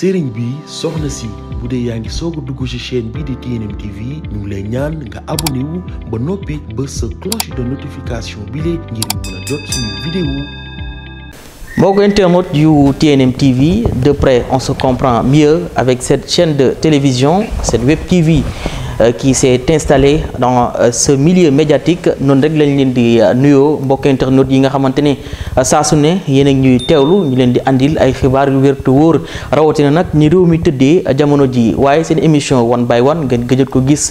sëriñ bi soxna si bu dee yaa ngi soog a dugg ci chaîne bi di TNM TV ñu ngi lay ñaan nga abonné wu ba noppi ba sa cloche de notification bi lee ngir mën a jot suñu vidéo mbokk internet yu TNM TV de près on se comprend mieux avec cette chaîne de télévision cette web TV Euh, qui s'est installé donc euh, ce millier médiatique noonu rek lañ leen di euh, nuyoo mbokk internautes yi nga xamante ne saa su ne yéen a ñuy teewlu ñu leen di andil ay xibaar yu wér wóor rawatina nag ñi réew mi tëddee jamono ji waaye seen émission one by one ngeen gëjët ko gis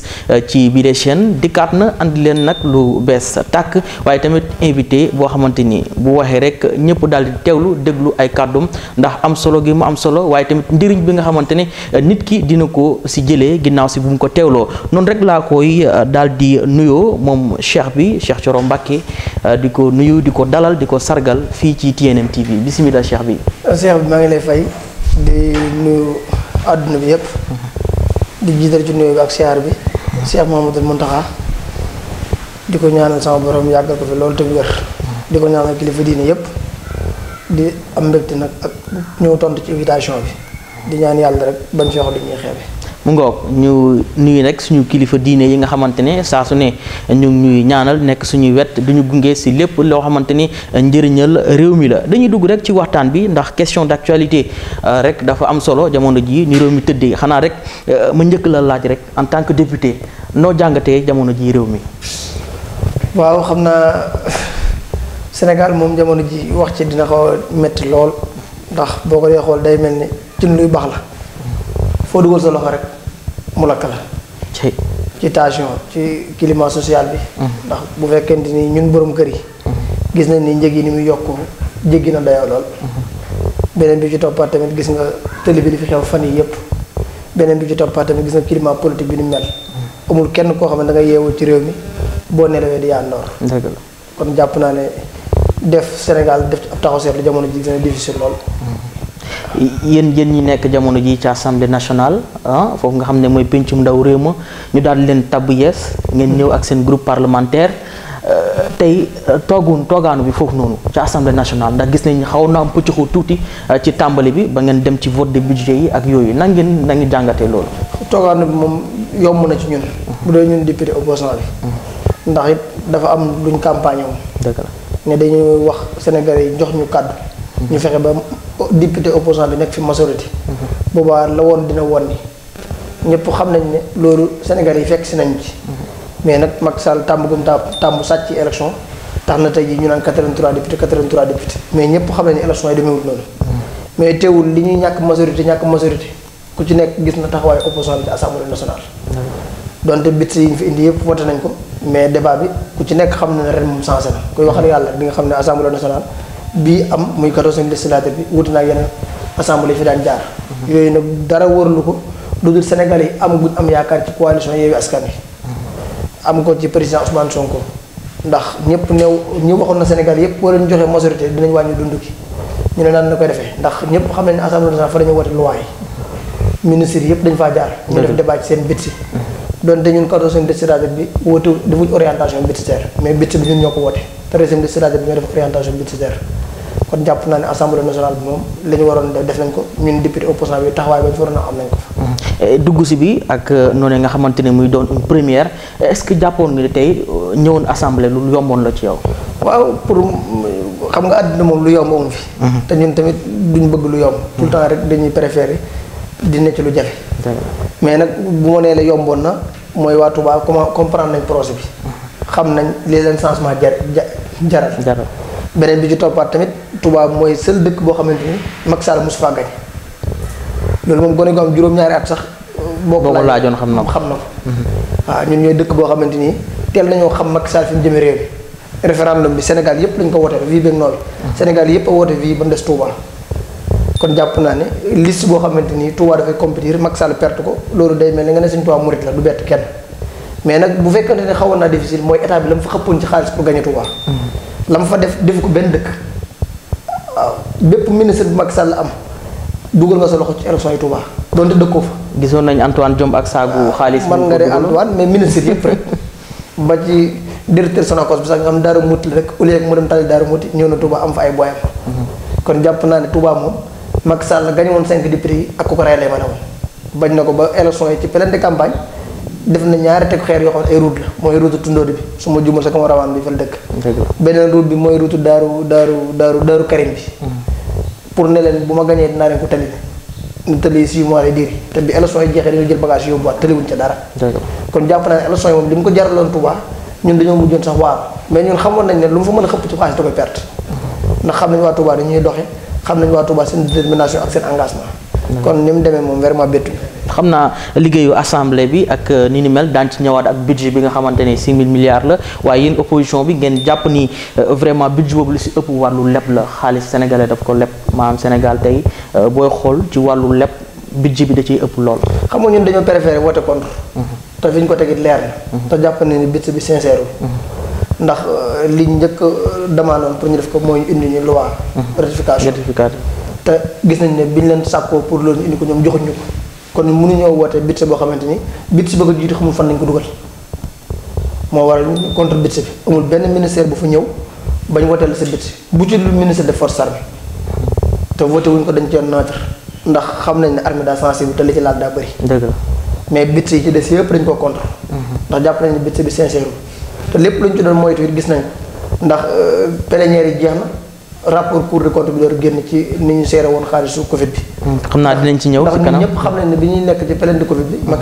ci biir chaîne dikkaat na andi leen nag lu bees tàkk waaye tamit invité boo xamante ni bu waxee rek ñëpp daal di teewlu déglu ay kàddum ndax am solo gi mu am solo waaye tamit njëriñ bi nga xamante ne nit ki dina ko si jëlee ginnaaw si bu mu ko teewloo non rek la koy euh, dal di nuyoo mom cheikh bi cheikh choro mbake euh, diko nuyo nuyu dalal diko sargal fi ci TNM TV bismillah cheikh bi. Euh, cheikh ma ngi lay fay di nuyo aduna bi yep di jiital ci nuyo ak cheikh bi cheikh mamadou muntaha diko ñaanal sama borom yagal ko fi lol te wér di ñaanal kilifa diine yep di am mbekté nak ak ñoo tontu ci invitation bi di ñaan yalla rek ban fexe du ñi xeebe. mu ngoog ñu nuyu rek suñu kilifa diine yi nga xamante ne saa su ne ñu ñuy ñaanal nekk suñuy wet ñu gunge si lépp loo xamante ni njëriñal réew mi la dañuy dugg rek ci waxtaan bi ndax question d'actualité euh, rek dafa am solo jamono ji ni réew mi tëddee xanaa rek euh, ma njëkk la laaj rek en tant que député noo jàngatee jamono ji réew mi waaw xam naa Sénégal moom jamono ji wax ci dina xaw a lool ndax boo ko dee xool day mel ni ci luy baax la foo dugal mu lakk la ci tension ci climat social bi mm-hmm. ndax bu fekkente ni ñun borom kër yi mm-hmm. gis nañ ni njëg yi ni muy yokku jéggi na dayoo lool mm-hmm. beneen bi ci toppaat tamit gis nga télé bi li fi xew fan yi yëpp beneen bi ci toppaat tamit gis nga climat politique bi ni mel amul kenn koo xam ne danga nga ci réew mi boo nelawee di yàndoor la kon jàpp naa ne def Sénégal def ab taxaw seetlu jamono ji gis na difficile lool yéen yéen ñi nekk jamono ji ci assemblée nationale ah foofu nga xam ne mooy pencum ndaw réew ma ñu daal leen tabb yees ngeen ñëw ak seen groupe parlementaire euh, tey euh, toogu toogaanu bi foofu noonu ca assemblée nationale ndax gis nañ xaw na am pëccëxu tuuti euh, ci tàmbali bi ba ngeen dem ci vote de budget yi ak yooyu nan ngeen na ngeen loolu. toogaanu bi moom yomb na ci ñun. bu dee ñun député opposant bi. ndax it dafa am luñ campagne ne dañuy wax Sénégalais yi ñu fexe ba député opposan bi nekk fi majorité. boobaa la woon dina woon ni ñëpp xam nañ ne loolu Sénégal yi fekk si nañ ci. mais nag Macky Sall tàmbugum tàmbu sàcc ci élection tax na te ji ñu naan 83 député 83 député mais ñëpp xam nañ ne élection yi demeewul noonu. mais teewul li ñuy ñàkk majorité ñàkk majorité ku ci nekk gis na taxawaayu opposant bi ci assemblée nationale. donte bit yi ñu fi indi yëpp voté nañ ko mais débat bi ku ci nekk xam na ne ren moom sensé na yàlla di nga xam ne assemblée nationale. bii am muy quatorzième législature bi wuti naa yeneen assemblée fi daan jaar. yooyu nag dara wërlu ko lu dul Sénégal yi am guñ am yaakaar ci coalition Yewwi Askan Wi. am ko ci président Ousmane Sonko. ndax ñëpp new ñu waxoon na Sénégal yëpp war ñu joxe majorité dinañ wàññi dund ki ñu ne naan na koy defee ndax ñëpp xam nañ ne assemblée nationale fa dañu wote loi yi. ministres yëpp dañ faa jaar. ñu def débat seen bit doon te ñun 14e décidrateur bi woote defuñ orientation budgétaire mais budget bi ñun ñoo ko woote 13e décidrateur bi ñoo def orientation budgétaire kon jàpp naa ne assemblée nationale bi moom la ñu waroon def nañ ko ñun député opposant bi taxawaay ba ñu waroon am nañ ko fa. Mm-hmm. Eh, dugg si bi ak euh, noonu nga xamante ne muy doon une première est-ce que jàppoon nga ne tey euh, ñëwoon assemblée lu yomboon la ci yow. waaw pour euh, xam nga àddina moom lu yomb amu fi. Mm-hmm. te ñun tamit duñ bëgg lu yomb. tout le mm-hmm. temps rek dañuy dina ci lu jafe. mais nag bu ma nee la yomboon na mooy waa Touba comment comprendre nañ projet bi. xam nañ li leen changement jar jaral. jaral beneen bi ci toppaat tamit tubaab mooy seul dëkk boo xamante ni Macky mu mosu faa loolu moom gone ko am juróom-ñaari at sax. boo ko laajoon xam na ko xam na ko. Mhm. waaw ñun ñooy dëkk boo xamante ni teel nañoo xam Macky Sall fi mu jëmee réew mi référendum bi Sénégal yëpp lañ ko woote fii beeg noonu. Sénégal yëpp a woote fii ba mu des Touba. kon jàpp naa ne liste boo xamante ni Touba dafay compétir Macky Sall perte ko loolu day mel ni nga ne Sëñ Touba murit la du bett kenn mais nag bu fekkante ne xawoon naa difficile mooy état bi la mu fa xëppoon ci xaalis mm-hmm. la mu fa def def ko benn dëkk waaw bépp ministre bu Macky Sall am dugal nga sa loxo ci élection yi Touba donte dëkkoo fa. gisoon nañ Antoine Diome ak saagu ah, xaalis. man nga de Antoine mais ministre yëpp rek ba ci directeur Sonacos bi sax nga xam Darou Mouti la rek au lieu que mu dem tali Darou Mouti ñëw na Touba am fa ay boyam mm-hmm. kon jàpp naa ne Touba moom. Macky Sall gañu woon 5 députés yi ak ku ko rey lay mën a bañ na ko ba élection yi ci pleine de campagne def na ñaari tegu xeer yoo xam ne ay route la mooy bi su ma jumal sa kama rawaan bi fa beneen route bi mooy route daaru daaru daaru daaru Karim bi hmm. pour ne bu ma gañee dinaa leen ko tali ñu mois lay diir te bi élection dara kon jàpp naa ne élection yi li mu ko jaraloon Touba ñun dañoo mujjoon sax waaw mais ñun xamoon nañ ne lu mu fa mën a xëpp ci xaalis da hmm. nañ waa dañuy doxe xam nañu waa Touba seen détermination ak seen engagement. Mm-hmm. kon ni mu demee moom vraiment bettu xam naa liggéeyu assemblée bi ak euh, ni ni mel daan ci ñëwaat ak budget bi nga xamante ne 6000 milliards la waaye yéen opposition bi ngeen jàpp ni euh, vraiment budget boobu li si ëpp wàllu leb la xaalis sénégalais daf ko leb maanaam Sénégal tey euh, booy xool ci wàllu leb budget bi da ciy ëpp lool. xam nga ñun dañoo préféré voter contre. Mm-hmm. te fi ñu ko tegit leer na. Mm-hmm. te jàpp ne ni budget bi sincère ndax euh, li njëkk euh, demandoon pour ñu def ko mooy indi ñu loi mhm. ratification te gis nañ ne bi ñu leen sàkkoo pour loolu ñu indi ko ñoom joxuñu ko kon mënuñoo woote bitse boo xamante ni bitse ba ko jiitu xamul fan lañ ko dugal moo waral contre bitse bi amul benn ministère bu fa ñëw bañ woteel sa bitse bu ci lu ministère des forces armées te voté wuñ ko dañ cee nootar ndax xam nañ ne armée daa sensible te li ci laal daa bëri mais bitse yi ci des yëpp dañ ko contre mhm. ndax jàpp nañ ne bitse bi sincère te lépp lu ñu ci doon moytu it gis nañ ndax euh, plénière jeex na rapport cour des comptes bi door génn ci ni ñu seere woon xaalisu Covid bi. Hmm, xam naa dinañ ci ñëw ndax ñëpp xam nañ ne bi ñuy nekk ci plénière de Covid bi hmm. ñu nekk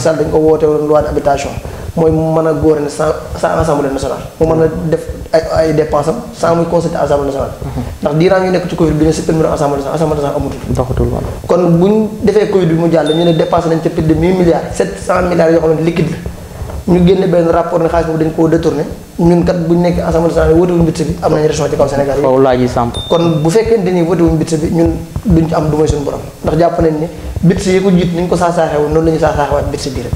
ci Covid bi ñu supprimer assemblée nationale assemblée nationale amatul. doxatul ne dépassé nañ ca plus de 1000 yoo xam ne liquide la. ñu génn benn rapport ne xaalis boobu dañ koo détourné ñun kat bu ñu nekkee ensemble national woote wuñu bitse bi am nañu région ci kaw Sénégal yi laa ji samp kon bu fekkente ni woote wuñu bitse bi ñun duñ ci am du may suñu borom ndax jàpp nañ ne bitse ko jiit ni ñu ko la ñu saasaaxewaat bitse bi rek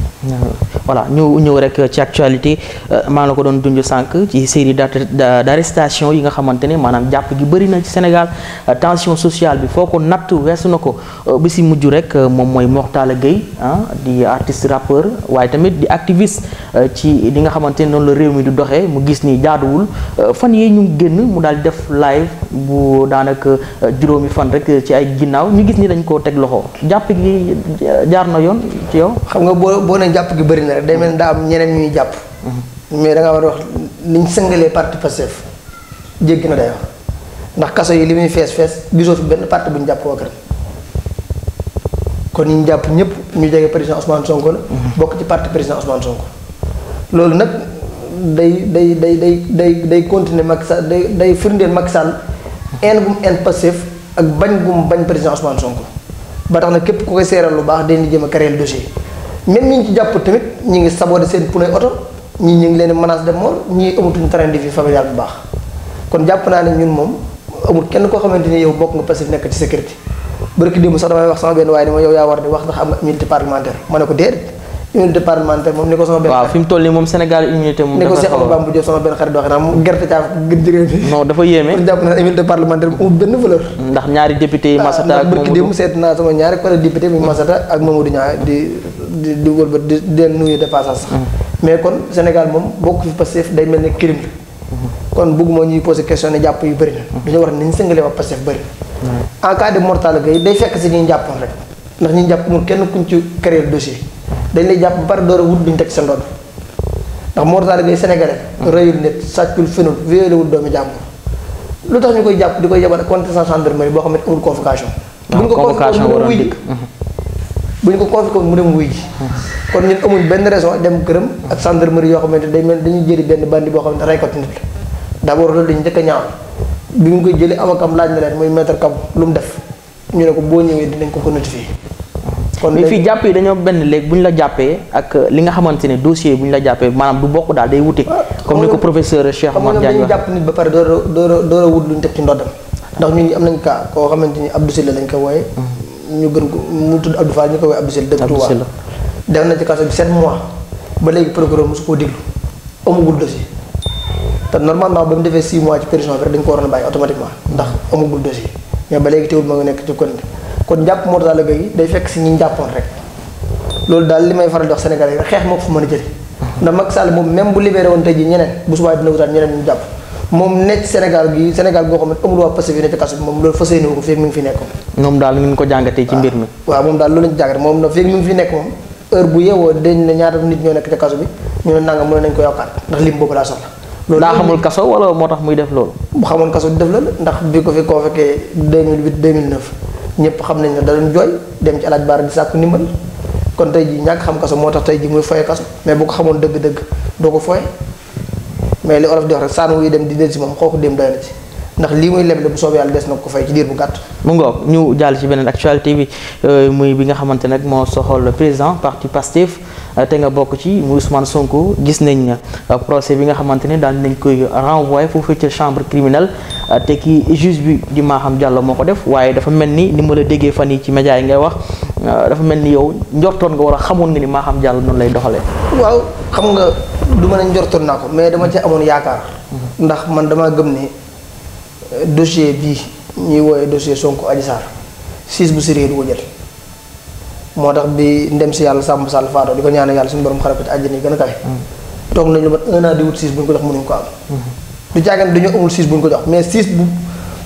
voilà ñëw rek ci actualité euh, maa la ko doon dunj sànq ci série d'arrestation yi nga xamante ne maanaam jàpp gi bëri na ci Sénégal euh, tension sociale bi foo ko natt weesu na ko euh, bisi mujj rek moom mooy Mortala Gueye ah di artiste rappeur waaye tamit di activiste ci li nga xamante ne noonu la réew mi di doxee mu gis nii jaaduwul euh, fan yee ñu génn mu daal di def live bu daanaka euh, juróomi fan rek ci ay ginnaaw ñu gis ni dañ koo teg loxo jàpp gi euh, jaar na yoon ci yow. xam nga boo boo ne jàpp gi bari na rek day mel daa am ñeneen ñuy jàpp. Mhm. mais da war a wax niñ sëngalee parti Pastef jekki na dayoo ndax kaso yi li muy fees fees gisoo fi benn parti bu ñu jàpp wakar kon ñu jàpp ñëpp ñu jege président Ousmane Sonko la. Mhm. bokk ci parti président Ousmane Sonko loolu nag. day day day day day day continuer Macky Sall day day firndeel Macky Sall en gum en passif ak bañ gum bañ président Ousmane Sonko ba tax na képp ku koy seeral lu baax dañuy jëm a créer dossier même ñi ñu ci jàpp tamit ñi ngi saboté seen pneu oto ñii ñu ngi leen menace de mort ñii amatuñu train de vie familial bu baax kon jàpp naa ne ñun moom amul kenn koo xamante ni yow bokk nga passif nekk ci sécurité bërki démb sax damay wax sama benn yaa war di wax ndax nga immunité parlementaire ma ne ko déedéet unité parlementaire moom ni ko sama benn. waaw fi mu toll nii a bu sama benn xarit waxee naa moom gerte caaf gën jigéen dafa yéeme ndax ñaari député yi ah, Massata ak Mamadou ndax seet ñaari collègue député bi ak Mamadou Niang di di di wëlbat di mm. mais kon Sénégal moom bokk fi Pastef day mel ne crime mm-hmm. kon bëgguma ñuy posé question ne jàpp yu bari na. Mm-hmm. dañoo war ni ñu sëngalee waa Pastef bëri mm-hmm. en cas de mortalité day fekk si ñuy jàppoon rek ndax ñuy jàpp amul kenn kuñ ci créer dossier dañ lay jàpp ba pare door a wut duñ teg sa ndodd ndax Mor Talla Gueye sénégalais. rëyul nit sàccul fenul violé wul doomi jàmbur. lu tax ñu koy jàpp di koy yebal contre sa gendarmerie boo xam ne amul convocation. Ah, buñ ko convocation ko convoqué mu dem wuy ah. kon ñun amuñ benn raison dem këram ak ah. gendarmerie yoo xamante ne day mel dañuy jëli benn bandi boo xam ne reykatu nit la d'abord loolu dañu njëkk a ñaaw ñu koy jëlee awakam laaj na leen muy maître Kabou lu mu def ñu ne ko boo ñëwee dinañ ko ko notifié. kon léegi fii jàpp yi dañoo benn léegi bu ñu la jàppee ak euh, li nga xamante ne dossier bu ñu la jàppee maanaam du bokk daal day wute. Ah, comme ni ko professeur Cheikh Omar Diagne wax jàpp nit ba pare door a door a wut lu ñu teg ci ndoddam am nañ koo xamante ni Abdou Sylla lañ ko wooye. Mm-hmm. ñu gën ko mu tudd Abdou Fall ñu ko wooye Abdou Sylla dëkk Touba na ci kaso bi 7 mois ba léegi procureur mosu koo déglu amagul dossier te normalement ba mu defee 6 mois ci prison bi rek dañ ko waroon a bàyyi automatiquement ndax amagul dossier mais ba léegi teewul ma nga nekk ci kon kon jàpp Mor Talla Gueye day fekk daal li may faral di wax a jëlee ndax Macky Sall moom même bu libéré woon tey ji ñeneen bu subaa dina wutaat ñeneen ñu jàpp moom nekk Sénégal gi Sénégal goo xam ne amul waa Pastef yi tax muy def loolu bu xamoon kaso di def loolu ndax bi ko fi koo fekkee 2008 2009 ñëpp xam nañ ne da doon jooy dem ci alaaj baara di sàkku ndimbal kon tey ji ñàkk xam kaso moo tax tey ji muy foye kaso mais bu ko xamoon dëgg-dëgg doo ko foye mais li olof di wax rek saan wuy dem di del si moom xooku dem doy na ci ndax lii muy leble bu soobee yàlla des na ko fay ci diir bu gàtt. mu ngoog ñu jàll ci beneen actualité bi euh, muy bi nga xamante nag moo soxal président parti Pastef. Euh, te nga bokk ci muy Ousmane Sonko gis nañ na euh, procès bi nga xamante ne daal nañ koy renvoyé foofu ca chambre criminelle euh, te ki juge bi di Maham Diallo moo ko def waaye dafa mel ni ni ma la déggee fan yi ci média yi ngay wax dafa mel ni yow njortoon nga war a xamoon nga ni Maham jàll noonu lay doxalee. waaw xam nga du ma ne njortoon naa ko mais dama ci amoon yaakaar. Mhm. ndax man dama gëm ne dossier bi ñuy woowee dossier Sonko Adji Sarr siis bu sérieux du jël. moo tax bi ndem si yàlla sàmm sàll faatoo di ko ñaanal yàlla suñu borom xarab ko ci àjjana yi gën a kawe. Mm. toog nañu lu mat un an di mm-hmm. siis bu ñu ko jox mënuñu ko am. du jàngeen dañoo siis bu ñu ko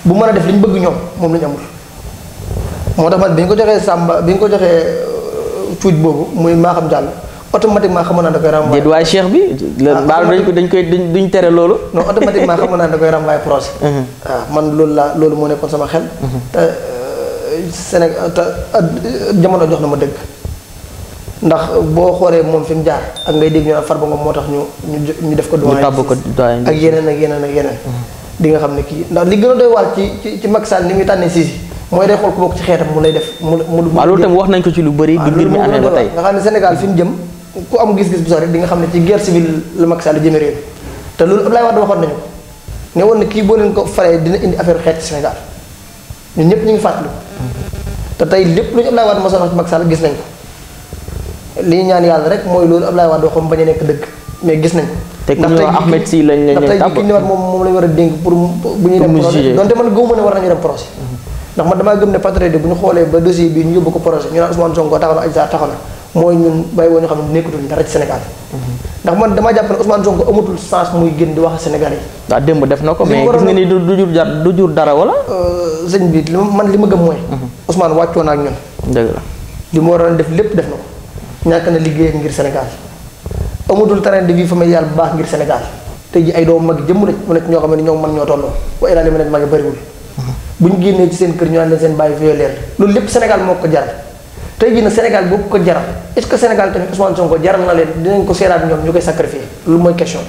bu bu a def li ñu bëgg ñoom moom la ñu moo tax man bi ñu ko joxee sàmba bi ñu ko joxee euh, cuuj boobu muy maa xam jàll automatiquement xamoon naa da koy ram. déet waaye ah, dañ ko dañ koy duñ tere loolu. non automatiquement xamoon naa da koy ram waaye projet. Mm-hmm. Ah, man loolu laa loolu moo nekkoon sama xel. Mm-hmm. Euh, Sénégal te jamono jox na ma dëgg ndax boo xoolee moom fi mu jaar ak ngay dégg ñu far ba Ngom moo tax ñu ñu ñu def ko. doyen ak yeneen ak yeneen ak yeneen. Mm-hmm. di nga xam ne kii ndax li gën a doy waar ci ci ci Macky Sall ni muy tànnee Sisi mooy day xool ku bokk ci xeetam mu lay def. mu mu mu waaw loolu tam wax nañ ko ci lu bëri. bi mbir mi amee ba tey nga xam ne Sénégal fi mu jëm ku am gis-gis bu sax rek di xam ne ci guerre civile la Macky Sall jëmee réew te loolu Abdoulaye Wade waxoon nañu ne woon na kii boo leen ko faree dina indi affaire xeet ci ñëpp ñu ngi fàttaliku te tey lépp lu ñu Ablaye Wade mosoon wax ci Macky Sall gis nañ ko li ñaan yàlla rek mooy loolu Ablaye Wade waxoon bañ a nekk dëkk mais gis te ko. ndax tey Ahmed si lañ lañ leen tàbb ndax ñu war moom moom lañ war a dénk pour bu ñu dem projet donte man gëw ma war nañu dem projet ndax man dama gëm ne patré yi buñu xolé ba dossier bi ñu yobbu ko projet ñu naan Ousmane Sonko taxana Aïssa taxana moy ñun bay woon ñu xam ne dara ci Sénégal ndax man dama japp ne Ousmane Sonko amutul sens muy gën di wax Sénégalais da demb def nako mais gis nga ni du jur jar du jur dara wala euh sëñ bi man lima gëm moy Ousmane wàccoo na ak ñun dëgg la di mo ron def lepp def nako ñak na liggéey ngir Sénégal amutul terrain de vie familial bu baax ngir Sénégal tay ji ay doom mag jëm rek mu nekk ño xam ño man ño tollu wa ila li ma mag bari bëriwul mhm buñu génné ci seen kër ñu ànd seen bàyyi violer loolu lepp Sénégal moko jar tay tey na Sénégal bu ko jar est ce que Sénégal tamit Ousmane Sonko jar na leen dinañ ko seeraat ñom ñukay sacrifier sacrifié moy question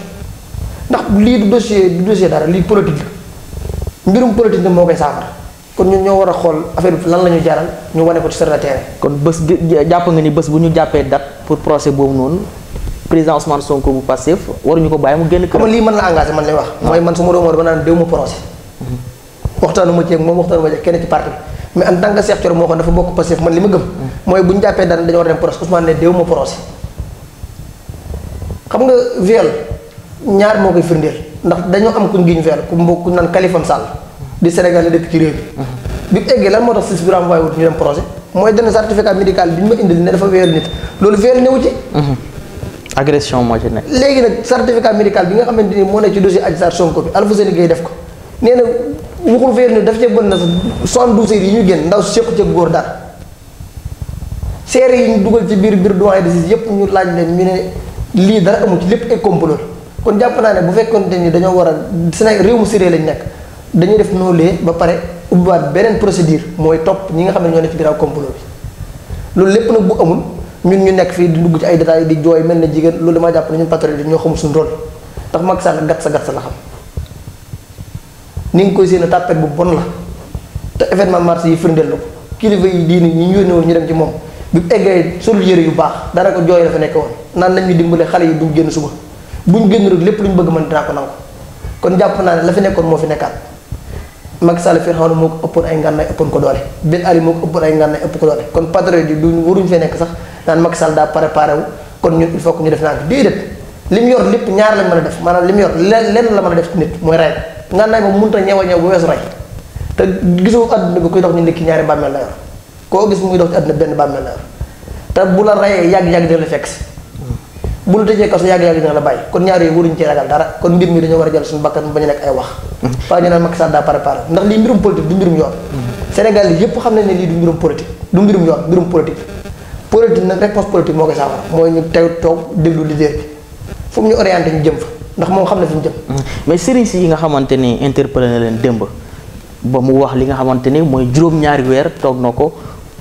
ndax li du dossier du dossier dara li politique la mbirum politique mo koy safar kon ñun ñoo wara xol affaire lan lañu jaral ñu wone ko ci sur la terre kon bëss japp nga ni bëss bu ñu jappé dat pour procès boobu non président Ousmane Sonko bu passif waruñu ko bàyyi mu génn kër. xam man la engagé man lay wax. Ah. moy man suma romor ba naan déw ma procès. waxtaanu ma ceeg moom waxtaanu ma ceeg kenn ci parti bi mais xam dafa bokk a ñaar moo koy ndax dañoo am ku mbokk ku naan Khalifa Sall di Sénégal la dëkk ci réew bi bi eggee moo tax sis bi renvoyé wut ñu dem procès mooy bi ma indil ne dafa viol nit loolu viol newu léegi nag certificat médical bi nga xamante ni moo ne ci dossier Adji Sarr Sonko bi Alfousseyni Gaye def ko nee na waxul fee ni daf ca bën na soixante-douze heures yi ñu génn ndaw séqu ca góor dara seere yi ñu dugal ci biir biir doyen de sis yëpp ñu laaj leen ñu ne lii dara amu ci lépp ay complot kon jàpp naa ne bu fekkonte ni dañoo war a Sénégal réew mu sérée lañ nekk dañuy def noolee ba pare ubbiwaat beneen procédure mooy topp ñi nga xam ne ñoo nekk ci biir complot bi loolu lépp nag bu amul ñun ñu nekk fii di dugg ci ay détails di jooy mel na jigéen loolu damaa jàpp ne ñun patriote yi ñoo xamul suñu rôle ndax Macky Sall gat sa gat sa la xam ni nga koy séen tàppet bu bon la te événement marché yi firndeel na ko kilifa yi diini ñi ñu yónni woon ñu dem ci moom bi eggee solul yére yu baax dara ko jooy dafa nekk woon naan nañu dimbale xale yi du génn suba bu ñu génn rek lépp lu ñu bëgg mën dinaa ko nangu kon jàpp naa ne la fi nekkoon moo fi nekkaat Macky Sall Firawna moo ko ëppoon ay ngànnaay ëppoon ko doole Ben Ali moo ko ëppoon ay ngànnaay ëpp ko doole kon patriote yi du waruñu fee nekk sax naan Macky Sall daa kon ñun il ñu def naa ko déedéet li mu yor lépp ñaar lañ mën a def maanaam li mu yor lenn la mën a def ci nit mooy nga nay mo munta ñewa ñew bu wess rey te gisu aduna bu koy dox ñu ndikki ñaari bammel la ko koo gis muy dox aduna àdduna benn bàmmeel la te bu la ray yag yag dina la fex si hmm. bu la tëjee kaso yag yag dina la bay kon ñaar yooyu waruñ ci ragal dara kon mbir mi dañu wara jël suñu bakkan bañu nek ay wax fa hmm. ñu naan Macky da daa préparé ndax li mbirum politique du mbirum yoon hmm. Sénégal yépp xam nañ ne li du mbirum politique du mbirum yoon mbirum politique politique nag réponse politique moo koy saafara moy ñu tew tok déglu leader bi fu mu ñu orienté ñu jëm fa ndax mom xamna na jëm. Mm. mais serigne ci yi nga xamanteni interpeller interpellé na leen démb ba mu wax li nga xamanteni moy juroom ñaari wër tok na ko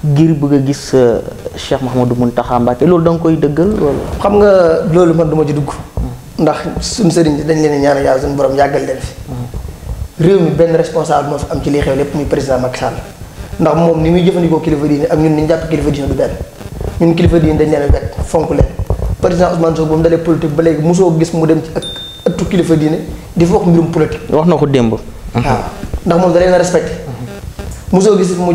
ngir bëgg gis euh, Cheikh Mouhamadou muntaha mbake lool dang koy deggal loolu. xam nga lool man duma ci dugg. Mm. ndax sun serigne dañ leen ñaan yàlla sun borom yagal leen fi. Mm. réew mi ben responsable mo fi am ci li xew lepp muy président Macky Sall ndax mom ni muy jëfëndiko kilifa diine ak ñun ni ñu kilifa diine du ben ñun kilifa diine dañ leen a wet fonk leen président Ousmane Sow bu mu dalé politique ba légui mosoo gis mu dem ci ak ëttu kilifa diine di fa wax mbirum politique. wax na ko démb. waaw ah. ndax moom da leen a respecté. mosoo gis mu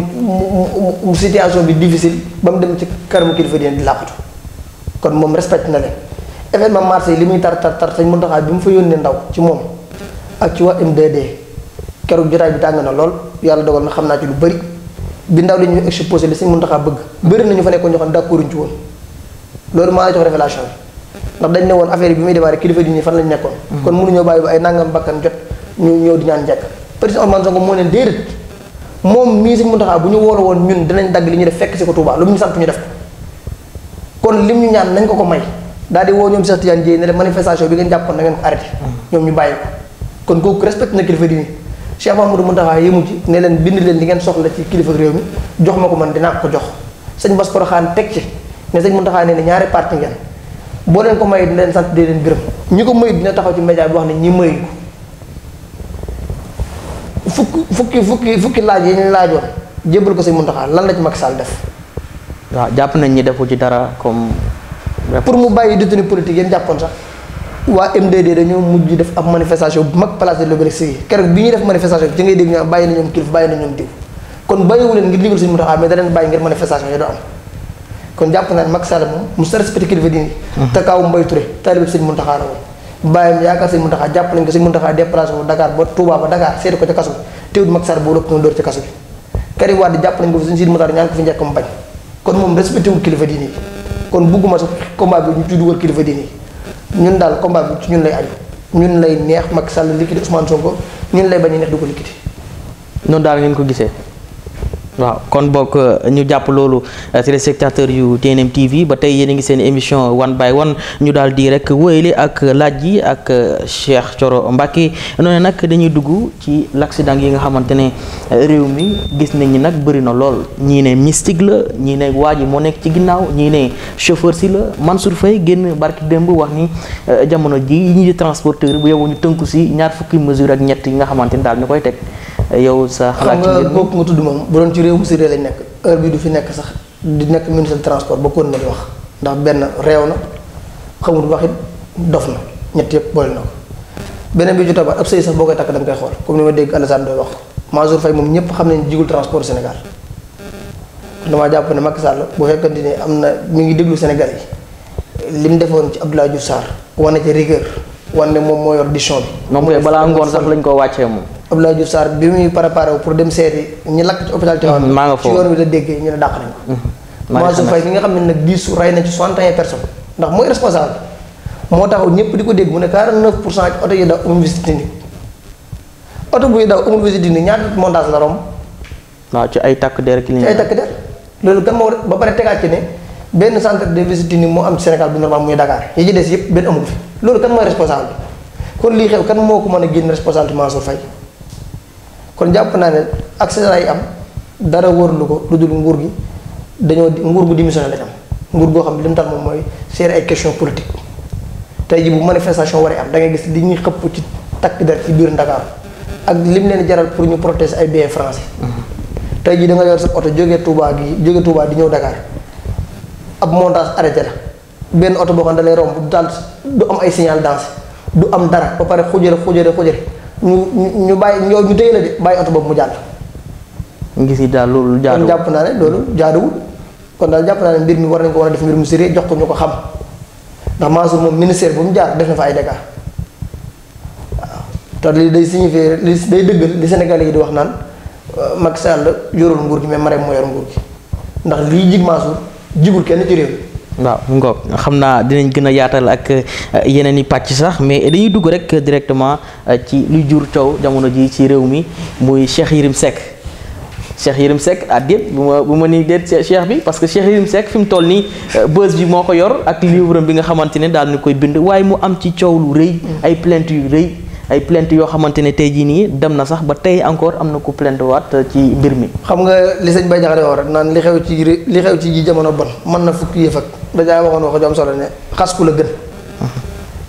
mu situation bi difficile ba mu dem ci karamu kilifa diine di làppatu kon moom respecté na leen événement marché yi li muy tar tar tar sañ mun taxaw bi mu fa yónnee ndaw ci moom ak ci waa MDD keroog jotaay bi tàng na lool yàlla dogal na xam naa ci lu bëri bi ndaw li ñuy exposé li sañ mun taxaw bëgg. bëri nañu fa nekkoon ñoo xam ne d'accorduñ ci woon loolu maa la jox révélation bi. ndax dañ ne woon affaire bi muy démarré kilifa diine fan lañ nekkoon. Hmm. kon mënuñoo bàyyi ba ay nangam bakkan jot ñu ñëw di ñaan njëkk. président Ousmane Sonko moo neen déedéet moom mii Serigne Mountakha bu ñu woola woon ñun dinañ dagg li ñu def fekk si ko Touba lu ñu sant ñu def ko kon lim ñu ñaan nañ ko ko daal di woo ñoom Cheikh Tidiane Dièye ne leen bi ngeen jàppoon na ngeen ko arrêté. Hmm. ñoom ñu bàyyi ko kon kooku respecté na kilifa diine Cheikh Mahamadou Mountakha yemu ne leen bind leen li ngeen soxla ci kilifa réew mi jox ma ko man dinaa ko jox sëñ Bass Porokhane teg ci ne sëñ Mountakha ne ne ñaari parti ngeen boo leen ko may di leen sant di leen gërëm ñi ko may dina taxaw ci média bi wax ne ñi may ko fukki fukki fukki fukki laaj yi ñu laajoon jébbal ko si Muntaxa lan la ci Macky Sall def. waaw jàpp nañ ñi defu ci dara comme. pour mu bàyyi détenu politique yéen jàppoon sax waa MDD dañoo mujj def ab manifestation bu mag place de l'Obélisque yi keroog bi ñuy def manifestation bi ci ngay dégg ñu bàyyi na ñoom kilifa bàyyi na ñoom diw kon bàyyiwu leen ngir digal kon japp na mak salam Sall moom mu sa respecté kilifa diine mhm. te kaw mbay Touré talib seigne Muntaxa raw bayam yaaka seigne Sëñ japp nañ ko seigne Muntaxa déplacer wu Dakar ba Touba ba Dakar seeti ko ci kasso bi teewul Macky Sall boo lëpp noonu door ci kasso kari wad japp nañ ko seigne Sidi Muxtaar ñaan ko fi njëkk mu bañ kon mom respecté wu kilifa dini yi kon bugguma sax combat bi ñu tuddu dugal kilifa dini ñun dal combat bi ci ñun lay aju ñun lay neex mak Sall likiti Ousmane Sonko ñun lay bañ neex du ko liquide noonu daal ngeen ko gisee waaw kon boog euh, ñu jàpp loolu euh, téléspectateurs yu TNM TV ba tey yéen a ngi seen émission one by one ñu daal di rek wéyale ak laaj yi ak euh, Cheikh Thioro Mbacké noonu nag dañuy dugg ci l'accident yi nga xamante ne réew mi gis nañ ni nag bëri na lool ñii ne mystique la ñii ne waa ji moo nekk ci ginnaaw ñii ne chauffeur si la Mansour Faye génn barki démb wax ni jamono ji ñi di transporteur bu yow ñu tënku si ñaar fukki mesure ak ñett yi nga xamante ne daal ñu koy teg yow sa xalaat ci mbir kooku tudd moom bu doon ci réew mu si réew lañ nekk heure bi du fi nekk sax di nekk ni de transport ba kon na di wax ndax benn reew na xamul wax it dof na ñett yëpp boole na ko beneen bi ju tabaat ab sëy sax boo koy takk da nga koy xool comme ni ma dégg Alassane doy wax Mansour Faye moom ñëpp xam nañ jigul transport Sénégal dama jàpp ne Macky Sall bu fekkante ne am na mi ngi déglu senegal yi li mu defoon ci Abdoulaye Diouf saar wane ci rigueur wan ne moom moo yor décision bi. moom kay balaa ngoon sax lañ ko wàccee moom. Abdoulaye Diouf Sarr bi muy préparé wu pour dem seeti ñi lakk ci hôpital Tivaouane. Mm-hmm, maa nga foofu ci yoon wi la déggee ñu ne dàq nañ ko. Mm-hmm. Mansour Faye mi nga xam ne nag diisu rey na ci soixante-et-un personnes ndax mooy responsable moo taxaw ñëpp di ko dégg mu ne 49 pour cent ci oto yi daw amul visite technique oto buy daw amul visite technique ñaata montage la romb. waaw ci ay takk der ki ci ay takk der loolu kan moo ba pare tegaat ci ne. benn centre de visite ni moo am ci Sénégal bu normal muy dakaar yi ci des yëpp benn amu fi loolu kan mooy responsable bi kon lii xew kan moo ko mën a génn responsable Mansour Faye kon jàpp naa ne accident yi am dara wërlu ko lu dul nguur gi dañoo nguur gu démissionné lañ am nguur goo xam li mu tax moom mooy seere ay question politique tey ji bu manifestation waree am da ngay gis li ñuy xëpp ci takk der ci biir Dakar ak lim leen jaral pour ñu protester ay billets français mm-hmm. tey ji da nga sa oto jógee Touba gi di ñëw Dakar ab montage arrêté la benn oto boo xam ne da lay romb du taal ay signal dansé du am dara ba pare xujale xujale xujale ñu ñu bàyyi ñoo ñu téye la de bàyyi oto boobu mu jàll. ngi si daal loolu jaaduwul kon jàpp naa loolu jaaduwul kon daal jàpp naa mbir mi war nañ ko war def mbir mu sérieux jox ko ñu ko xam ndax Mansour moom ministère bu mu jaar def na fa ay dégâts waaw te li day signifier li day dëggal li Sénégalais yi di wax naan euh, Macky Sall yorul nguur gi mais Marème moo yor nguur gi ndax lii jig Mansour. jigul kenn ci réew waaw mu ngoog xam naa dinañ gën a yaatal ak eh, yeneen i pàcc sax mais dañuy dugg rek directement eh, ci luy jur coow jamono ji ci réew mi muy Cheikh Yérim sekk Cheikh Yérim Seck ah déet bu ma bu ma nii déet Cheikh bi parce que Cheikh Yérim Seck fi mu toll nii eh, bës bi moo ko yor ak livre bi nga xamante ne daal ñu koy bind waaye mu am ci coow lu rëy mm. ay plainte yu rëy ay plainte yoo xamante ne tey jii nii dem na sax ba tey encore am na ku plant waat ci mbir mi. xam nga li sëñ Baye Diakhaté wax rek naan li xew ci li xew ci ji jamono bon mën na fukki yëf ak dañaa waxoon wax ju am solo ne xas ku la gën.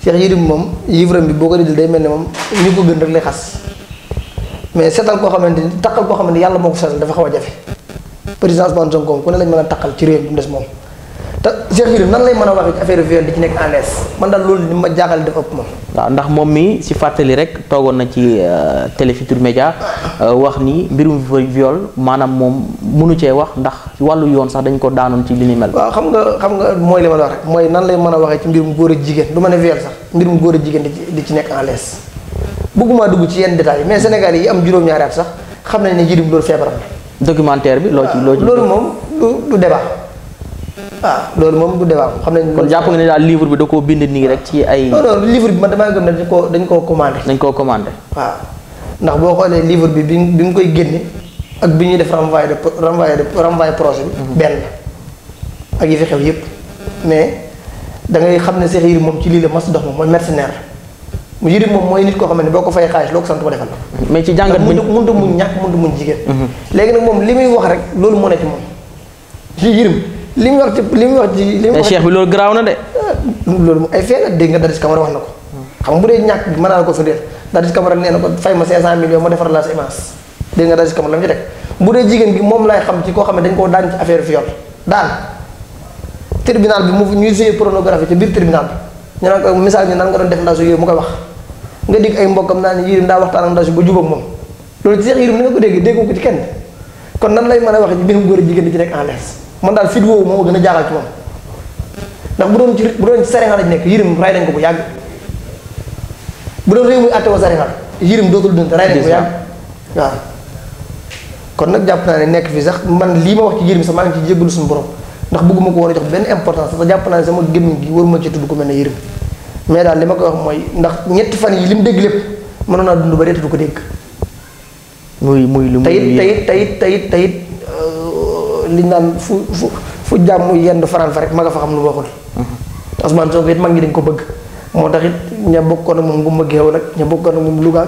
Cheikh Yérim moom livre bi boo ko déglu day mel ni moom ñu ko gën rek lay xas mais setal koo xamante ni taqal koo xamante ni yàlla moo ko setal dafa xaw a jafe président Ousmane Sonko ku ne lañ mën a taqal ci réew bu des moom. te Cheikh Yérim nan lay mën a wax affaire viol di ci nekk à l'aise man daal loolu ni ma jaaxal dafa ëpp moom. waaw ndax moom mi si fàttali rek toogoon na ci euh, Télé Futurs Médias euh, wax ni mbirum viol maanaam moom munu cee wax ndax wàllu yoon sax dañ ko daanoon ci li ni mel. waaw xam nga xam nga mooy li ma la wax rek mooy nan lay mën a waxee ci mbirum góor a jigéen du ma ne viol sax mbirum góor a jigéen di ci nekk à l'aise bëgguma dugg ci yenn détails yi mais Sénégal yi am juróom-ñaari at sax xam nañ ne Yérim loolu feebaram. documentaire bi loo ci loo ci. loolu moom du du waaw loolu moom du débat xam nañ kon jàpp nga ne daal livre bi da koo bind nii rek ci ay non non livre bi man damaa gëm dañ koo dañ dañ koo commandé waaw ndax boo xoolee livre bi bi bi mu koy génne ak bi ñuy def renvoi de renvoi projet bi mhm. benn ak yi fi xew yépp mais da ngay xam ne seex Yérim moom ci lii la mas dox moom mooy mercenaire mu Yérim moom mooy nit koo xam ne boo ko fay xaalis loo ko sant ko defal mais ci jàngat bi mënut muñ ñàkk mënut muñ jigéen mhm. léegi nag moom li muy wax rek loolu moo ne moom ci lim wax ci lim wax eh, ci lim wax cheikh bi loolu graw na de eh, mo ay fena de dégg nga daris kamara wax nako xam nga bu de ñak bi mën naa ko firndeel daris kamara neena ko fay ma 500 millions mo defar la sa image de nga daris kamara lam ci tek bu de jigen bi mom lay xam ci ko xam dañ ko daan ci affaire fiol daan tribunal bi mu ñu sëyee pornographie ci bir tribunal bi ñu naan ko misal ñu nan nga doon def ndasu yu mu koy wax nga dig ay mbokam naan yirim daa waxtaan ak ndasu ba jubam moom ci seex ni nga ko deg dégg ko ci kenn kon nan lay mëna wax ci mbirum goor jigen ci nekk en l'aise man daal fit woowu moom a gën a jaaxal ci ndax bu doon ci bu doon ci Sénégal lañ nekk yërim ray dañ ko bu yàgg bu doon réew muy àtte wa Sénégal yërim dootul dund ray dañ ko kon nag jàpp naa ne nekk fii sax man lii ma wax ci yërim sax maa ngi ci jéggalu suñu borom ndax bëgguma ko war a jox importance sax jàpp naa ne sama gémmiñ gi waruma ko mel ne mais daal li ma koy wax mooy ndax ñetti fan yi li mu dégg lépp mënoon naa dund ba reetatu ko dégg muy muy lu muy tayit tayit tayit tayit liñ naan fu fu fu jàmm yenn faran fa rek ma nga fa xam lu waxul. Ousmane Sonko it mag ñi dañ ko bëgg. moo tax it ña bokkoon ak moom Gumba Géew nag ña bokkoon ak moom Louga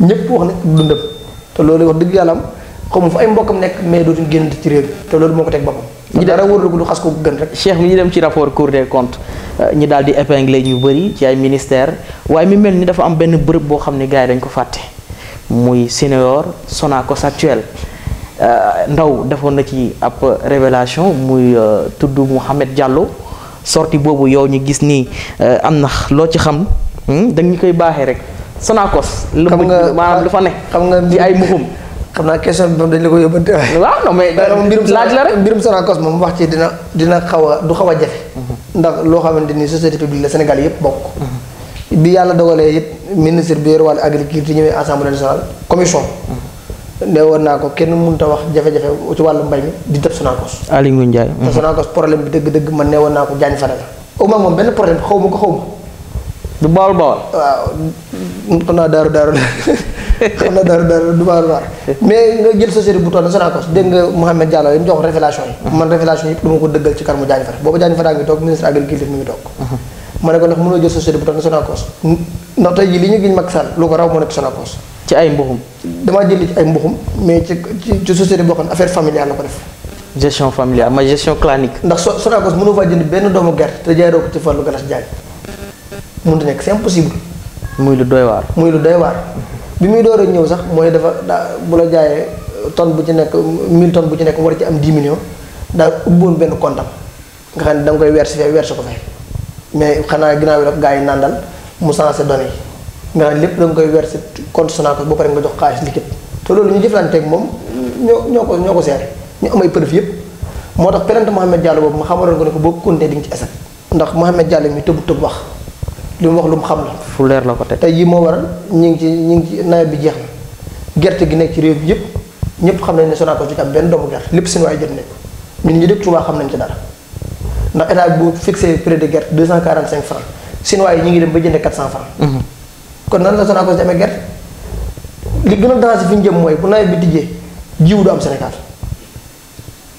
ñëpp wax na dundam te loolu wax dëgg yàlla am xamu fa ay mbokkam nekk mais dootuñ génn ci réew te loolu moo ko teg boppam. ñi dara wóorul lu xas ko gën rek. Cheikh dem ci rapport Cour des comptes ñi daal di épinglé ñu bëri ci ay ministère waaye mi mel ni dafa am benn bërëb boo xam ne gars dañ ko fàtte muy senior Sonacos actuel. Euh, ndaw defoon na ci ab révélation muy euh, tudd Mouhamed jàll sorti boobu yow ñu gis ni euh, am na loo ci xam hmm? dañu koy baaxee rek Sonacos. xam nga maanaam lu fa ne. xam nga ci ay muxum. xam naa question bi moom dañ la ko yóbbante waaye. waaw non mais laaj la rek mbirum Sonacos moom wax ci dina dina xaw a du xaw a jafe. Mhm. ndax loo xamante ni société publique la Sénégal yëpp bokk. Mhm. bi yàlla dogalee it ministre bi yor wàllu agriculture ñëwee assemblée nationale commission. Mhm. ne woon naa ko kenn mënut a wax jafe-jafe ci wàllu mbay mi di def Sonacos. Aly Ngouille Ndiaye. te Sonacos problème bi dëgg-dëgg man ne woon naa ko Diagne Fadala. aw ma moom ma ko xaw ma. du bawal bawal. waaw xam naa daaru daaru xam naa daaru daaru du bawal bawal mais nga jël société bu toll man ko dëggal ci kanamu Diagne Fadala boobu Diagne Fadala ngi toog ministre ma ne ko ndax tey jii li ñu giñ Macky Sall lu ko raw moo nekk Sonacos ci ay mbuxum damaa jënd ci ay mbuxum mais ci ci société boo xam ne affaire familiale la ko def. gestion familiale ma gestion clanique. ndax so Sonacos mënoo faa jënd benn doomu gerte te jaay doo ko ci Fallou Galass Diagne mënut a nekk c'est impossible. muy lu doy waar. muy lu doy waar bi muy door a ñëw sax mooy dafa daa bu la jaayee tonne bu ci nekk 1000 ton bu ci nekk war ci am 10 millions daa ubboon benn compte nga xam ne da koy weer si fee weer si ko fee mais xanaa ginnaaw yi rek gaa yi nandal mu sensé données yi. nga lépp da nga koy verser compte Sonacos ba pare nga jox xaalis liquide te loolu ñu jëflanteeg moom ñoo ñoo ko ñoo ko seer ñu amay preuve yëpp moo tax plainte Mohamed Diallo boobu ma xamaloon ko ne ko boo continuer di nga ci wax li xam la fu leer la ko teg tey yi moo waral ñu ngi ci ñu ngi ci nawet bi jeex na gerte gi nekk ci réew bi yëpp ñëpp xam nañ ne Sonacos du ci am benn doomu gerte lépp seen waay jot nañ ko ñun ñu xam nañ ci dara ndax état bu fixé prix de gerte 245 francs seen waay ñu ngi dem ba jënde 400 francs mhm. kon nan la Sonacos di amee gerte li gën a dansé fi ñu jëm mooy bu nawet bi tijjee jiw du am Sénégal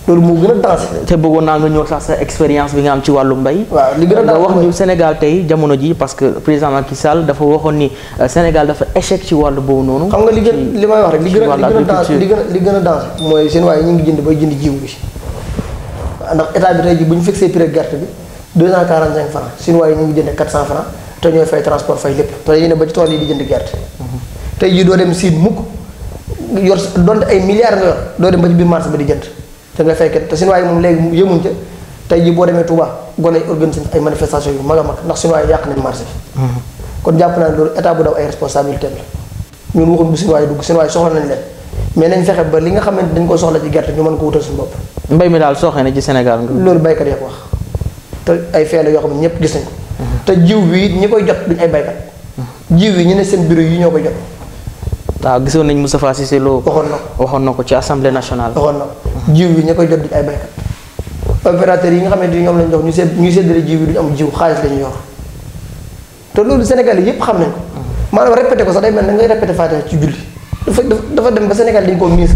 loolu moo gën a dansé. te bëggoon naa nga ñëw sax sa expérience bi nga am ci wàllu mbay. waaw li gën a dansé wax ñu Sénégal tey jamono ji parce que président Macky Sall waxoon ni euh, Sénégal dafa échec ci wàllu boobu noonu. xam nga li gën li may wax li gën a li gën a a li gën a dansé mooy seen waaye ñu ngi jënd bay jënd jiw bi ndax état bi tey ji bu ñu fixé prix gerte bi 245 francs seen waaye ñu ngi jëndee 400 francs te ñooy fay transport fay lépp te dañuy ba tool yi di jënd gerte. tey jii doo dem siin mukk yor donte ay milliards nga yor doo dem ba di jënd te nga fay kat te moom léegi yëmuñ ca tey jii boo demee Touba gone yi ay manifestation yu mag a mag ndax sinuwaay yàq nañ marché bi. kon jàpp naa loolu état bu daw ay responsabilité la ñun waxuñ bu sinuwaay soxla nañ leen. mais nañ fexe ba li nga xamante dañ ko soxla ci gerte ñu mën ko wutal suñu bopp. mbay mi daal sooxee na ci Sénégal nga. loolu baykat yoo ko wax te ay feela yoo xam ne ñëpp gis nañ ko te jiw wi ñi koy jot duñ ay baykat jiw wi ñu ne seen bureau yi ñoo koy jot. waaw gisoon nañ Moustapha Cissé Lo. waxoon na waxoon na ko ci assemblée nationale. waxoon na ko jiw wi ñi koy jot duñ ay baykat. opérateur yi nga xamante ni ñoom lañ jox ñu seet ñu séddale jiw yi duñ am jiw xaalis lañu yor te loolu Sénégal yépp xam nañ ko. maanaam répété ko sax day mel ne ngay répété Fatiha ci julli dafa dafa dem ba Sénégal dañ koo miis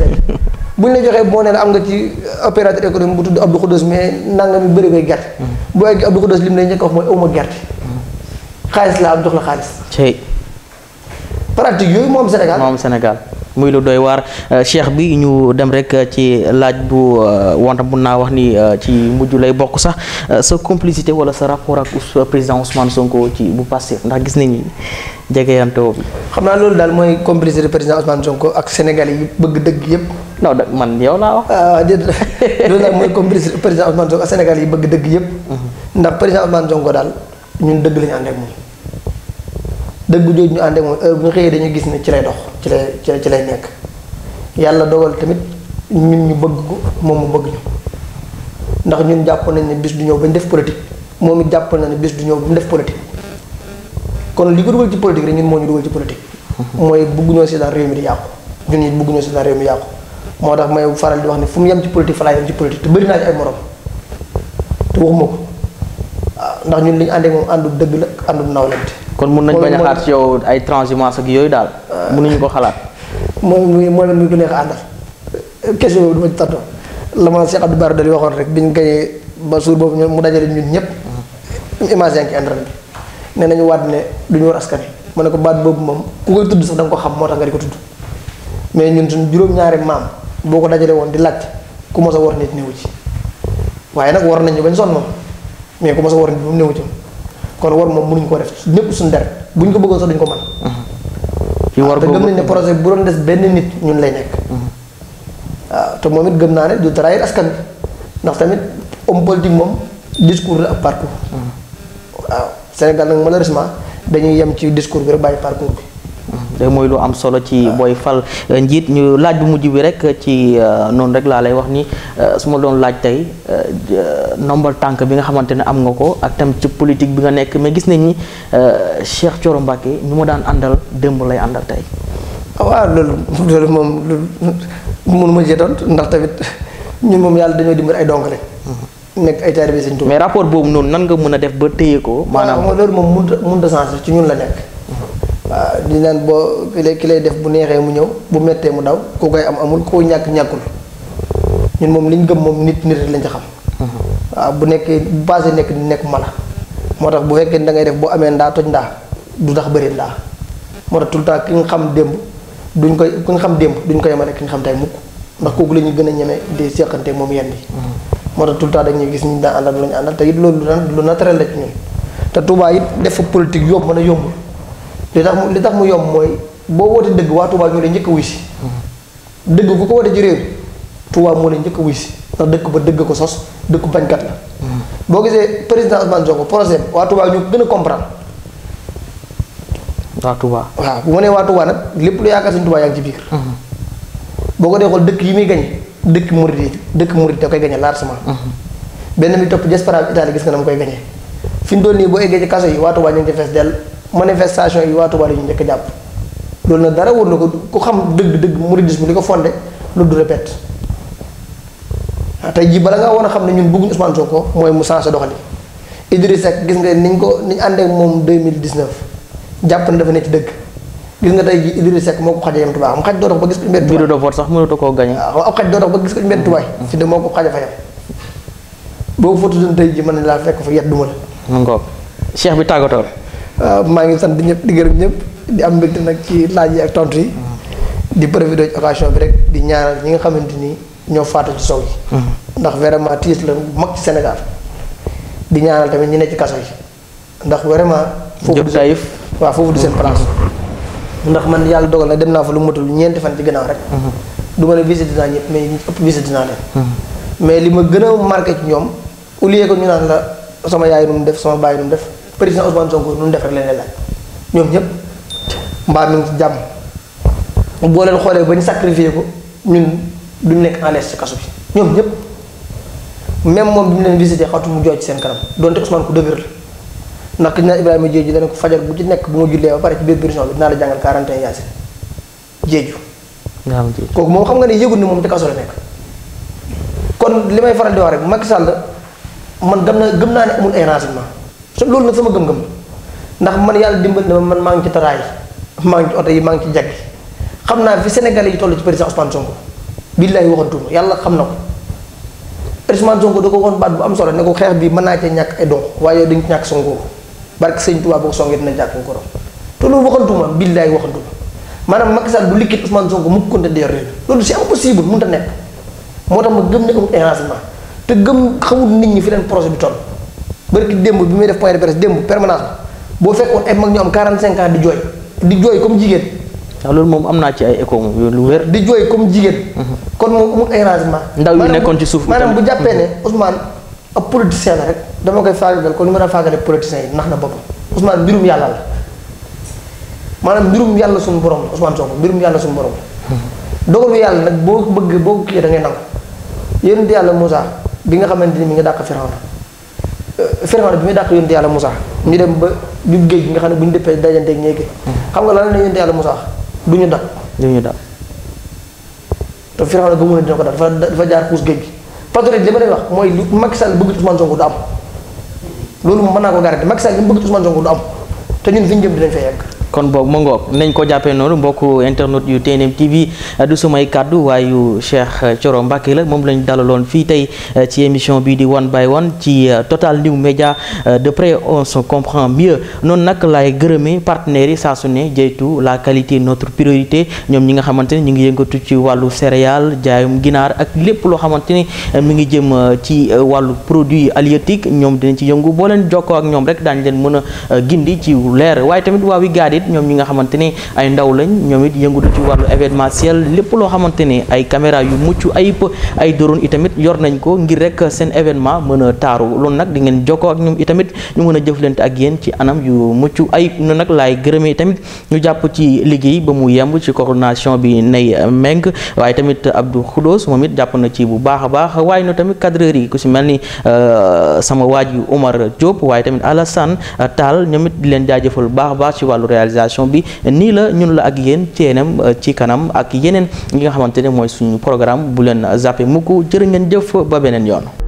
bu ñu ne joxee boo nee na am nga ci opérateur économique bu tudd Abdou Khoudous mais nangami bëri bay gerte. Mm-hmm. bu egg Abdou Khoudous lim lay njëkk a mooy awma gerte. Mm-hmm. xaalis laa am jox la xaalis. tey. pratique yooyu moom Sénégal moom Sénégal. muy lu doy waar euh, cheikh bi ñu dem rek euh, ci laaj bu euh, wante mun naa wax ni ci mujj lay bokk sax sa complicité wala sa rapport ak président Ousmane Sonko ci bu passé ndax gis nañu jegeyantoo bi. xam naa loolu daal mooy complicité président Ousmane Sonko ak Sénégal yi bëgg dëgg yëpp. non man yow laa wax. ah mooy complicité président Ousmane Sonko Sénégal yi bëgg dëgg yëpp. Mhm. ndax président Ousmane Sonko daal ñun dëgg la ñu moom. dëgg jooju ñu ànd ak moom heure bu ñu xëyee dañuy gis ne ci lay dox ci lay ci lay nekk yàlla dogal tamit ñun ñu bëgg ko moom mu bëgg ñu ndax ñun jàpp nañ ne bis du ñëw ba def politique moom it jàpp na ne bis du ñëw ba ñu def politique kon li ko dugal ci moo ñu ci politique. mooy bëgguñoo si daal réew mi di yàqu ñun it bëgguñoo si daal réew mi yàqu. moo tax may faral di wax ne fu mu ci politique fa laay dem ci politique naa ci ay morom ndax ñun li ñu àndee moom àndu dëgg la àndu nawlante kon mën nañ bañ xaar ci yow ay transhumance ak yoy dal daal euh, ñu ko xalaat mooy mo la muy ku neex àndal question boobu duma ci tato la ma Cheikh Abdou Barre dal waxon rek biñu gañee ba suur boobu mu dajale ñun ñep image yank andal ci internet nañu wat ne duñu war mo ne ko baat bobu mom ku koy tudd sax da nga ko xam motax nga diko ko tudd mais ñun sun juroom ñaari mam boko dajale won di lacc ku mos a war nit neewu ci waye nak war nañu bañ son mom mais ku mos a war nit bu neewu ci kon war moom mënuñ ko def ñëpp suñu der buñ ko bëggoon sax duñ ko mën. ci war ah, te nañ ne projet bu doon des benn nit ñun lay nekk. waaw mm-hmm. ah, te moom it gëm naa ne du trahir askan bi ndax tamit homme politique moom discours la ak parcours. Mm-hmm. waaw Sénégal nag malheureusement dañuy yem ci discours bi rek bàyyi parcours bi. mooy lu am solo ci ah. booy fal euh, njiit ñu laaj bu mujj bi rek ci euh, noonu rek laa lay wax ni euh, su ma doon laaj tey nombal tànk bi nga xamante ne am nga ko ak tam ci politique bi nga nekk mais gis nañ ni Cheikh Thioro Mbacké ñu ma daan àndal démb lay àndal tey. Ah, loolu moom mënuma cee tontu ndax tamit ñun moom yàlla dañoo dimbali ay donk rek mhm. nekk ay taalibe Sëñ rapport boobu noonu nan nga mën a def ba téye ko. maanaam loolu moom mënut a mënut a ci ñun la nekk. waaw di naan boo ki lay ki lay def bu neexee mu ñëw bu mettee mu daw koo koy am amul koo ñàkk ñàkkul ñun moom liñ gëm moom nit nit lañ ci xam. waaw bu nekkee bu passé nekk di nekk mala moo tax bu fekkee da ngay def boo amee ndaa toj ndaa du tax bëri ndaa moo tax tout ki nga xam démb duñ koy ki nga xam démb duñ ko yemale ki nga xam tey mukk ndax kooku la ñuy gën a ñeme di seqante moom yenn yi. moo tax tout le dañuy gis ñu daan àndal lu àndal te it loolu lu naturel la ci ñun te Touba it def fa mën a yombul. li tax mu li tax mu yom moy bo wote deug wa tuba ñu lay njëkk wisi deug si ku ko wootee ci réew tuba mo lay njëkk wisi da deug ba deug ko sos deug bañ kat la bo gisé président Ousmane Sonko projet wa tuba ñu gëna comprendre wa tuba wa bu mo né wa tuba nak lepp lu yaaka suñu tuba yaa ci biir boo ko dee deug yi mi gañ deug Mouride deug Mouride da koy gañe largement ben mi top jesperal bi Italie gis nga na koy gañee fiñ mu doon nii boo eggee ci kasso yi wa tuba ñu ci fess del manifestation yi waa Touba la ñu njëkk jàpp loolu nag dara wër na ko ku xam dëgg-dëgg mouridisme li ko fondé lu du répète tey jii bala ngaa woon a xam ne ñun bëgguñu Ousmane ko mooy mu changé doxali Idrissa Seck gis nga niñ ko niñ àndee moom 2019 jàpp na dafa ne ci dëgg gis nga tey jii Idrissa sekk moo ko xaja yem Touba am xaj doo dox ba gis ko ci mbedd Touba bureau de koo gañe waaw ab ba gis ko ci mbedd Touba fi mm-hmm. de moo ko xaja fa yem boo ko fa tuddoon tey jii mën na laa fekk fa yet duma la. mu ngoog cheikh bi tàggatoo Euh, maa ngi sant ñëpp di gërëm ñëpp di am mbégte nag ci laaj yi ak tontu yi. Mm-hmm. di profité ci occasion bi rek di ñaanal ñi nga xamante ni ñoo faatu ci sow yi. Mm-hmm. ndax vraiment tiis la mag ci Sénégal. di ñaanal tamit ñi ne kaso yi. ndax vraiment. foofu du seen waaw foofu du seen place. Mm-hmm. ndax man yàlla dogal na dem naa fa lu matul ñeenti fan ci gannaaw rek. du ma ne visite naa ñëpp mais ñi ëpp visite naa leen. mais li ma gën a marqué ci ñoom au lieu que ñu naan la sama yaay nu mu def sama baay nu mu def. président Ousmane Sonko nu mu defar leen laaj ñoom ñëpp mbaa mi ngi ci jàmm boo leen xoolee ba ñu sacrifié ko ñun duñ nekk en ci kaso bi ñoom ñëpp même moom bi mu leen visité xatu mu jooy ci seen kanam donte Ousmane ku dëgër la ndax dina Ibrahima Diédhiou dana ko fajar bu ci nekk bu ma jullee ba pare ci biir prison bi dinaa la jàngal 41 yaasin Diédhiou. naam Diédhiou kooku moom xam nga ne yëgul ni moom te kaso la nekk. kon li may faral di wax rek Macky Sall man gëm naa gëm naa ne amul so loolu nag sama gëm-gëm ndax man yàlla dimbal na man maa ngi ci taraay maa ngi ci oto yi maa ngi ci xam naa fi Sénégalais yi toll ci président Ousmane Sonko billahi waxantuma yàlla xam na ko Ousmane Sonko da ko woon bu am solo ne ko xeex mën naa cee ñàkk ay don waaye yow dañ ci ñàkk Sonko barke sëñ Tuubaa boo ko songee dina jàkk nga ko te loolu waxantuma billahi waxantuma maanaam Macky Sall bu liggéey Ousmane Sonko mu ko di yor réew loolu c'est impossible mënut a nekk moo tax ma gëm ne amul arrangement te gëm xamul nit ñi fi leen projet bi toll bërki démb bi muy def point de presse démb permanence boo fekkoon ay mag ñu am 45 ans di jooy di jooy comme jigéen. waaw ah, loolu moom am naa ci ay écho di jooy comme jigéen. Mhm. kon moom amul arrangement. ndaw yu nekkoon ci suuf maanaam bu jàppee ne mhm. Ousmane ab politicien la rek dama koy faagagal kon ni ma daan faagalee politicien yi nax na boppam Ousmane mbirum yàlla la maanaam mbirum yàlla suñu borom la Ousmane Sonko mbirum yàlla suñu borom la. Mhm. dogalu yàlla nag boo bëgg boo kii da ngay nangu yéen di yàlla Moussa bi nga xamante ni mi nga dàq Firawna Firawna bi muy dàq yonent yàlla Moussa ñu dem ba du géej gi nga xam ne bu ñu dëppee dajanteeg ñeegi xam nga lan la yonent yàlla Moussa du ñu dàq. du ñu dàq. te Firawna ba mu ne dina ko dàq dafa dafa jaar puus géej gi patriote li ma leen wax mooy lu Macky Sall bëgg Ousmane Sonko du am loolu moom mën naa ko garanti Macky Sall li mu bëgg Ousmane Sonko du am te ñun fi ñu jëm dinañ fa yegg. kon boog ma nañ ko jàppee noonu mbokku internet yu TNM TV euh, du sumay kàddu yu Cheikh coro euh, Mbacké la moom lañ dalaloon fii tey euh, ci émission bii di one by one ci Total New Media de près on se comprend mieux noonu nag laay gërëmee partenaires yi saa su ne jeytu la qualité notre priorité ñoom ñi nga xamante ni ñu ngi yëngatu ci wàllu céréales jaayum ginaar ak lépp loo xamante ni mi ngi jëm ci wàllu produit halieutique ñoom dinañ ci yëngu boo leen jokkoo ak ñoom rek daañu leen mën a gindi ci leer ñoom ñi nga xamante ni ay ndaw lañ ñoom it yëngu ci wàllu événement événementiel lépp loo xamante ni ay caméra yu mucc ayib ay drone itamit yor nañ ko ngir rek seen événement mën a taaru loolu nag di ngeen jokkoo ak ñoom itamit ñu mën a jëflante ak yéen ci anam yu mucc ayib noonu nag laay gërëmee tamit ñu jàpp ci liggéey ba mu yemb ci coordination bi nay meng waaye tamit Abdou Khoudos moom it jàpp na ci bu baax a baax waaye no tamit cadreur yi ku si mel ni euh, sama waaj yu Omar Diop waaye tamit Alassane taal ñoom it di leen jaajëfal baax baax ci wàllu réalisation réalisation bi nii la ñun la ak yéen TNM euh, ci kanam ak yeneen yi nga xamante ne mooy suñu programme bu leen zappé mukk jër ngeen jëf ba beneen yoon